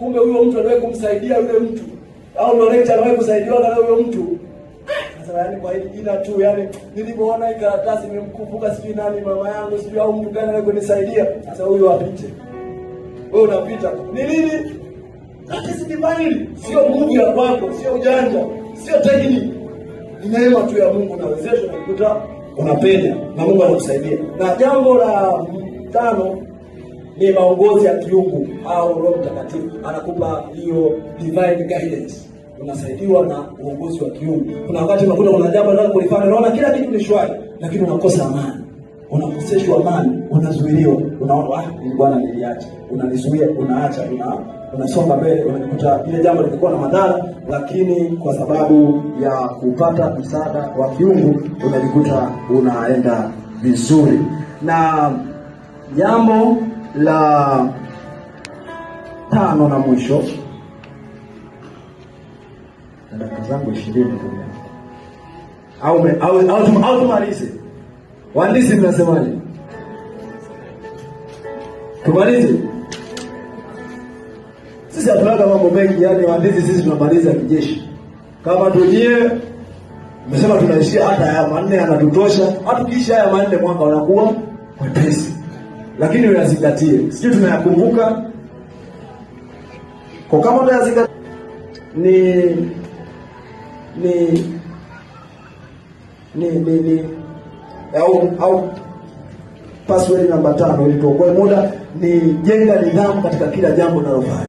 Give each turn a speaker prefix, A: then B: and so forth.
A: kumbe huyo mtu anawahi kumsaidia yule mtu au ndo lecture anawahi kusaidiwa na huyo mtu. Sasa yani kwa hili tu yani nilipoona hii karatasi nimemkumbuka sijui nani mama yangu sijui au mtu gani anaye kunisaidia. Sasa huyo apite. Wewe unapita. Ni nini? Practice divine. Sio nguvu ya kwako, sio ujanja, sio tajiri. Ni neema tu ya Mungu na wezesho unajikuta unapenda na Mungu anakusaidia. Na jambo la tano ni maongozi ya kiungu au Roho Mtakatifu anakupa hiyo divine guidance, unasaidiwa na uongozi wa kiungu. Kuna wakati unakuta kuna jambo unataka kulifanya, unaona kila kitu ni shwari, lakini unakosa amani, unakoseshwa amani, unazuiliwa, unaona ah, Bwana niliacha, unalizuia, unaacha, una unasonga mbele, unajikuta ile jambo lilikuwa na madhara, lakini kwa sababu ya kupata msaada wa kiungu unajikuta unaenda vizuri na jambo la tano na mwisho, dakika zangu ishirini au tumalize. wandisi mnasemaje? Tumalize sisi, hatulaga mambo mengi. Yani wandisi sisi tunamaliza kijeshi, kama tujie mesema tunaishia hata haya manne, anatutosha. Hatukiisha haya manne, mwaka unakuwa mwepesi lakini uyazingatie. Sijui tunayakumbuka kwa kama utayazingatia, ni ni ni ni ni au au password namba tano ili tuokoe muda, ni jenga nidhamu katika kila jambo unalofanya.